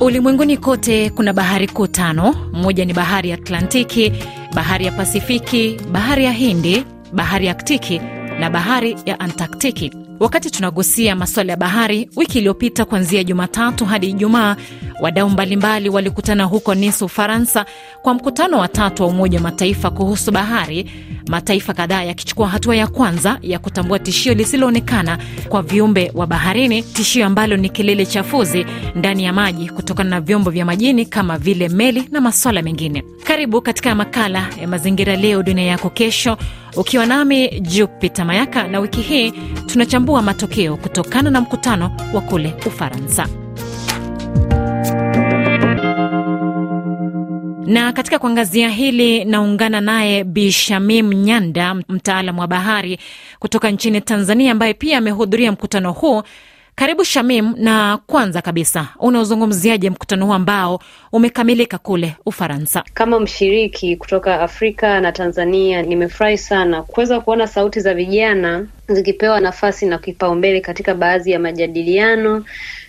Ulimwenguni kote kuna bahari kuu tano. Moja ni bahari ya Atlantiki, bahari ya Pasifiki, bahari ya Hindi, bahari ya Aktiki na bahari ya Antaktiki. Wakati tunagusia masuala ya bahari, wiki iliyopita kuanzia Jumatatu hadi Ijumaa Wadau mbalimbali walikutana huko Nice, Ufaransa, kwa mkutano wa tatu wa Umoja wa Mataifa kuhusu bahari, mataifa kadhaa yakichukua hatua ya kwanza ya kutambua tishio lisiloonekana kwa viumbe wa baharini, tishio ambalo ni kelele chafuzi ndani ya maji kutokana na vyombo vya majini kama vile meli na maswala mengine. Karibu katika makala ya Mazingira Leo Dunia Yako Kesho, ukiwa nami Jupita Mayaka, na wiki hii tunachambua matokeo kutokana na mkutano wa kule Ufaransa. Na katika kuangazia hili naungana naye bishamim Nyanda, mtaalam wa bahari kutoka nchini Tanzania, ambaye pia amehudhuria mkutano huu. Karibu Shamim, na kwanza kabisa unaozungumziaje mkutano huu ambao umekamilika kule Ufaransa? Kama mshiriki kutoka Afrika na Tanzania, nimefurahi sana kuweza kuona sauti za vijana zikipewa nafasi na kipaumbele katika baadhi ya majadiliano.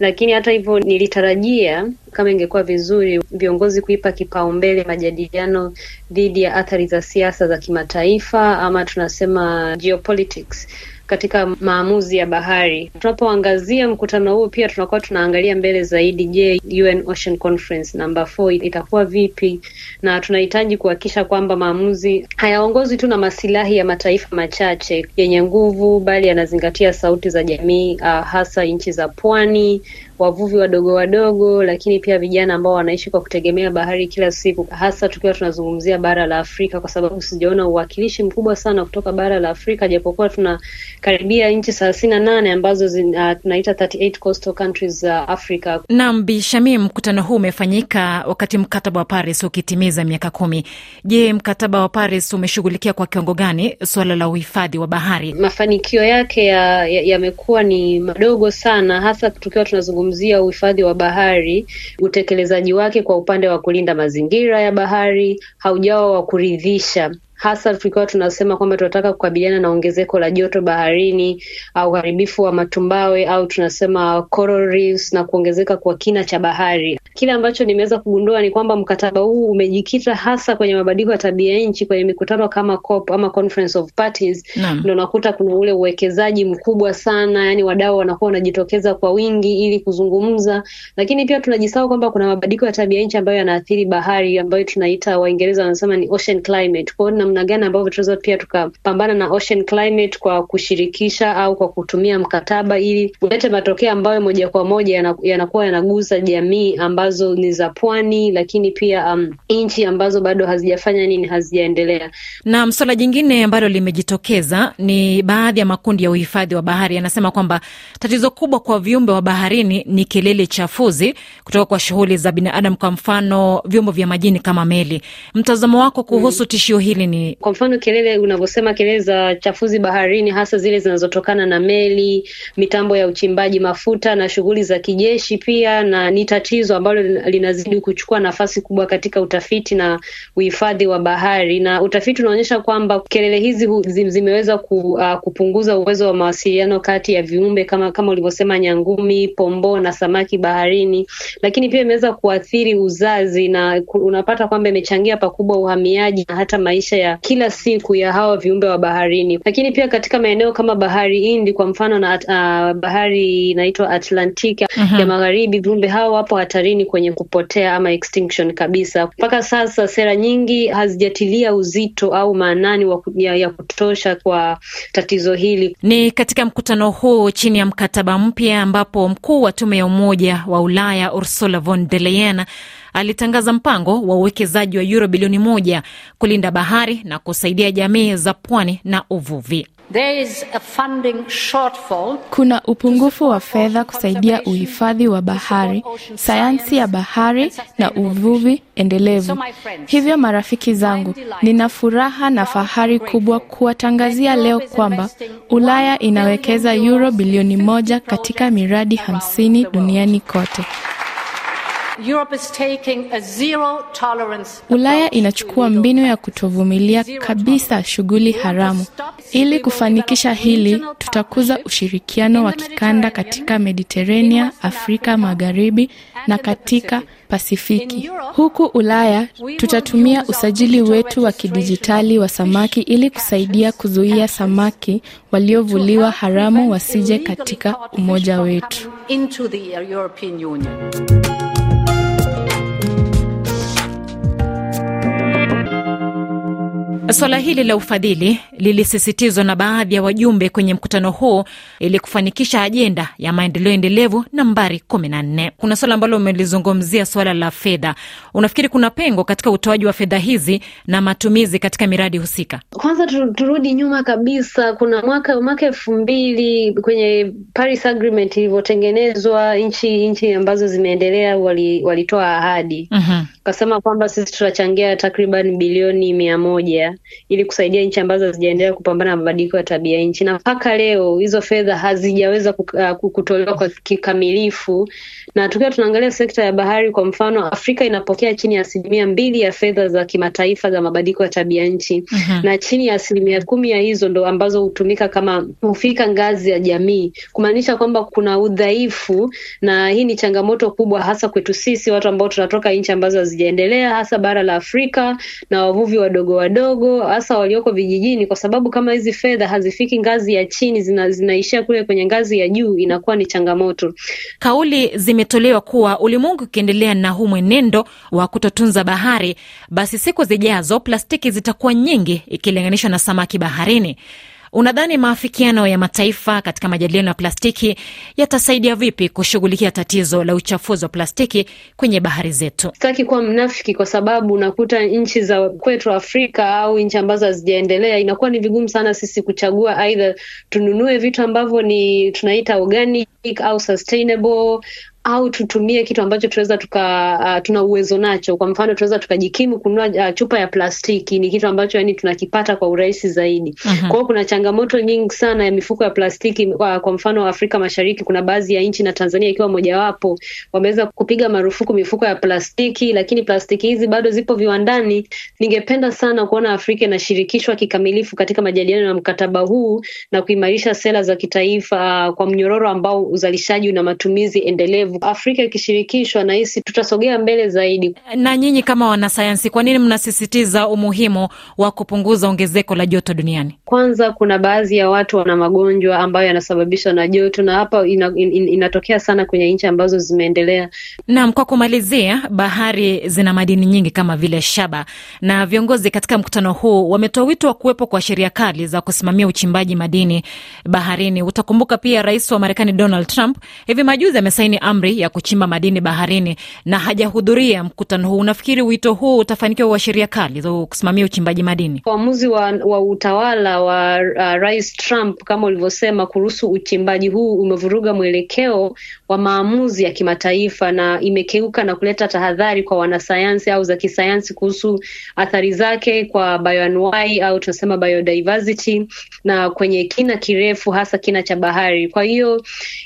Lakini hata hivyo, nilitarajia kama ingekuwa vizuri viongozi kuipa kipaumbele majadiliano dhidi ya athari za siasa za kimataifa ama tunasema geopolitics katika maamuzi ya bahari. Tunapoangazia mkutano huu, pia tunakuwa tunaangalia mbele zaidi. Je, UN Ocean Conference namba 4 itakuwa vipi? Na tunahitaji kuhakikisha kwamba maamuzi hayaongozwi tu na masilahi ya mataifa machache yenye nguvu nguvu, bali anazingatia sauti za jamii uh, hasa nchi za pwani wavuvi wadogo wadogo, lakini pia vijana ambao wanaishi kwa kutegemea bahari kila siku, hasa tukiwa tunazungumzia bara la Afrika, kwa sababu sijaona uwakilishi mkubwa sana kutoka bara la Afrika, japokuwa tunakaribia nchi thelathini na nane ambazo zin, uh, tunaita 38 coastal countries za uh, Afrika. Naam, Bi Shamim, mkutano huu umefanyika wakati mkataba wa Paris ukitimiza miaka kumi. Je, mkataba wa Paris umeshughulikia kwa kiwango gani suala la uhifadhi wa bahari? Mafanikio yake yamekuwa ya, ya ni madogo sana, hasa tukiwa tunazungumzia tunazungumzia uhifadhi wa bahari, utekelezaji wake kwa upande wa kulinda mazingira ya bahari haujawa wa kuridhisha hasa tulikuwa tunasema kwamba tunataka kukabiliana na ongezeko la joto baharini au uharibifu wa matumbawe au tunasema coral reefs na kuongezeka kwa kina cha bahari. Kile ambacho nimeweza kugundua ni kwamba mkataba huu umejikita hasa kwenye mabadiliko ya tabia nchi kwenye mikutano kama COP ama Conference of Parties, ndio unakuta kuna ule uwekezaji mkubwa sana, yani wadau wanakuwa wanajitokeza kwa wingi ili kuzungumza, lakini pia tunajisahau kwamba kuna mabadiliko ya tabia nchi ambayo yanaathiri bahari ambayo tunaita Waingereza wanasema ni ocean climate. Kwa namna gani ambavyo tunaweza pia tukapambana na ocean climate kwa kushirikisha au kwa kutumia mkataba ili ulete matokeo ambayo moja kwa moja yanakuwa yanagusa jamii ambazo ni za pwani, lakini pia um, nchi ambazo bado hazijafanya nini, hazijaendelea. Naam, swala jingine ambalo limejitokeza ni baadhi ya makundi ya uhifadhi wa bahari yanasema kwamba tatizo kubwa kwa viumbe wa baharini ni kelele chafuzi kutoka kwa shughuli za binadamu, kwa mfano vyombo vya majini kama meli. Mtazamo wako kuhusu mm, tishio hili ni ni kwa mfano kelele unavyosema, kelele za chafuzi baharini, hasa zile zinazotokana na meli, mitambo ya uchimbaji mafuta na shughuli za kijeshi pia, na ni tatizo ambalo linazidi kuchukua nafasi kubwa katika utafiti na uhifadhi wa bahari, na utafiti unaonyesha kwamba kelele hizi zimeweza ku, uh, kupunguza uwezo wa mawasiliano kati ya viumbe kama, kama ulivyosema nyangumi, pomboo na samaki baharini, lakini pia imeweza kuathiri uzazi na unapata kwamba imechangia pakubwa uhamiaji na hata maisha ya ya kila siku ya hawa viumbe wa baharini, lakini pia katika maeneo kama bahari Hindi kwa mfano na uh, bahari inaitwa Atlantiki uh -huh. ya mhm. magharibi, viumbe hawa wapo hatarini kwenye kupotea ama extinction kabisa. Mpaka sasa sera nyingi hazijatilia uzito au maanani wa, ya, ya kutosha kwa tatizo hili. Ni katika mkutano huu chini ya mkataba mpya ambapo mkuu wa tume ya Umoja wa Ulaya Ursula von der Leyen alitangaza mpango wa uwekezaji wa yuro bilioni moja kulinda bahari na kusaidia jamii za pwani na uvuvi. Kuna upungufu wa fedha kusaidia uhifadhi wa bahari, sayansi ya bahari na uvuvi endelevu. Hivyo marafiki zangu, nina furaha na fahari kubwa kuwatangazia leo kwamba Ulaya inawekeza yuro bilioni moja katika miradi hamsini duniani kote. Ulaya inachukua mbinu ya kutovumilia kabisa shughuli haramu. Ili kufanikisha hili, tutakuza ushirikiano wa kikanda katika Mediterania, Afrika Magharibi na katika Pasifiki. Huku Ulaya tutatumia usajili wetu wa kidijitali wa samaki ili kusaidia kuzuia samaki waliovuliwa haramu wasije katika umoja wetu. Suala hili la ufadhili lilisisitizwa na baadhi ya wajumbe kwenye mkutano huo ili kufanikisha ajenda ya maendeleo endelevu nambari kumi na nne. Kuna suala ambalo umelizungumzia, suala la fedha. Unafikiri kuna pengo katika utoaji wa fedha hizi na matumizi katika miradi husika? Kwanza turudi nyuma kabisa, kuna mwaka mwaka elfu mbili kwenye Paris Agreement ilivyotengenezwa, nchi nchi ambazo zimeendelea walitoa wali ahadi mm -hmm kasema kwamba sisi tutachangia takriban bilioni mia moja ili kusaidia nchi ambazo hazijaendelea kupambana na mabadiliko ya tabia nchi, na mpaka leo hizo fedha hazijaweza kutolewa kwa kikamilifu. Na tukiwa tunaangalia sekta ya bahari kwa mfano, Afrika inapokea chini ya asilimia mbili ya fedha za kimataifa za mabadiliko ya tabia nchi mm -hmm. na chini ya asilimia kumi ya hizo ndo ambazo hutumika kama hufika ngazi ya jamii, kumaanisha kwamba kuna udhaifu, na hii ni changamoto kubwa hasa kwetu sisi watu ambao tunatoka nchi ambazo hazijaendelea hasa bara la Afrika na wavuvi wadogo wadogo hasa walioko vijijini, kwa sababu kama hizi fedha hazifiki ngazi ya chini, zina, zinaishia kule kwenye ngazi ya juu, inakuwa ni changamoto. Kauli zimetolewa kuwa ulimwengu ukiendelea na huu mwenendo wa kutotunza bahari, basi siku zijazo plastiki zitakuwa nyingi ikilinganishwa na samaki baharini. Unadhani maafikiano ya mataifa katika majadiliano ya plastiki yatasaidia vipi kushughulikia tatizo la uchafuzi wa plastiki kwenye bahari zetu? Sitaki kuwa mnafiki, kwa sababu unakuta nchi za kwetu Afrika au nchi ambazo hazijaendelea, inakuwa ni vigumu sana sisi kuchagua, aidha tununue vitu ambavyo ni tunaita organic think au sustainable au tutumie kitu ambacho tunaweza tuka uh, tuna uwezo nacho. Kwa mfano tunaweza tukajikimu kununua uh, chupa ya plastiki, ni kitu ambacho yani tunakipata kwa urahisi zaidi. Mhm. Kwa hiyo kuna changamoto nyingi sana ya mifuko ya plastiki kwa, uh, kwa mfano Afrika Mashariki kuna baadhi ya nchi na Tanzania ikiwa mojawapo, wameweza kupiga marufuku mifuko ya plastiki, lakini plastiki hizi bado zipo viwandani. Ningependa sana kuona Afrika inashirikishwa kikamilifu katika majadiliano na mkataba huu na kuimarisha sera za kitaifa uh, kwa mnyororo ambao uzalishaji na matumizi endelevu. Afrika ikishirikishwa, nahisi tutasogea mbele zaidi. Na nyinyi kama wanasayansi, kwa nini mnasisitiza umuhimu wa kupunguza ongezeko la joto duniani? Kwanza, kuna baadhi ya watu wana magonjwa ambayo yanasababishwa na joto, na hapa ina, in, in, inatokea sana kwenye nchi ambazo zimeendelea. Naam, kwa kumalizia, bahari zina madini nyingi kama vile shaba, na viongozi katika mkutano huu wametoa wito wa kuwepo kwa sheria kali za kusimamia uchimbaji madini baharini. Utakumbuka pia rais wa Marekani Donald Donald Trump hivi majuzi amesaini amri ya kuchimba madini baharini na hajahudhuria mkutano huu. Unafikiri wito huu utafanikiwa wa sheria kali za kusimamia uchimbaji madini? Uamuzi wa, wa utawala wa uh, Rais Trump kama ulivyosema, kuruhusu uchimbaji huu umevuruga mwelekeo wa maamuzi ya kimataifa na imekeuka na kuleta tahadhari kwa wanasayansi au za kisayansi kuhusu athari zake kwa bioanuai au tunasema biodiversity na kwenye kina kirefu hasa kina cha bahari. Kwa hiyo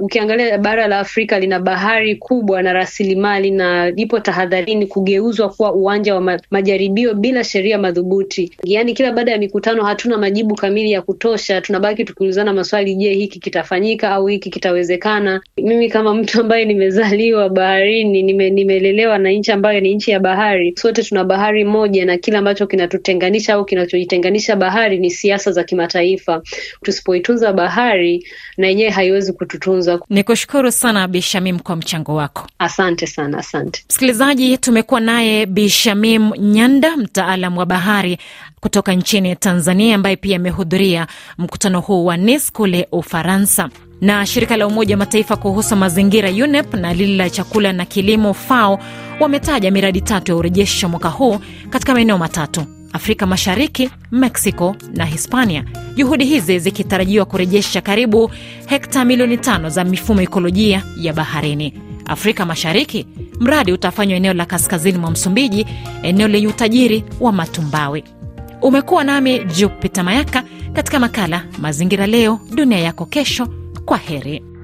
Ukiangalia bara la Afrika lina bahari kubwa na rasilimali na lipo tahadharini kugeuzwa kuwa uwanja wa majaribio bila sheria madhubuti. Yaani kila baada ya mikutano hatuna majibu kamili ya kutosha, tunabaki tukiulizana maswali, je, hiki kitafanyika au hiki kitawezekana? Mimi kama mtu ambaye nimezaliwa baharini, nime, nimelelewa na nchi ambayo ni nchi ya bahari, sote tuna bahari moja, na kile ambacho kinatutenganisha au kinachojitenganisha bahari ni siasa za kimataifa. Tusipoitunza bahari, na yenyewe haiwezi kututunza kuzungumza. Ni kushukuru sana bishamim kwa mchango wako, asante sana. Asante msikilizaji, tumekuwa naye bishamim Nyanda, mtaalam wa bahari kutoka nchini Tanzania, ambaye pia amehudhuria mkutano huu wa NIS e kule Ufaransa na shirika la Umoja wa Mataifa kuhusu mazingira UNEP na lile la chakula na kilimo FAO wametaja miradi tatu ya urejesho mwaka huu katika maeneo matatu Afrika Mashariki, Mexico na Hispania, juhudi hizi zikitarajiwa kurejesha karibu hekta milioni tano za mifumo ekolojia ya baharini. Afrika Mashariki, mradi utafanywa eneo la kaskazini mwa Msumbiji, eneo lenye utajiri wa matumbawe. Umekuwa nami Jupita Mayaka katika makala Mazingira Leo, Dunia Yako Kesho. Kwa heri.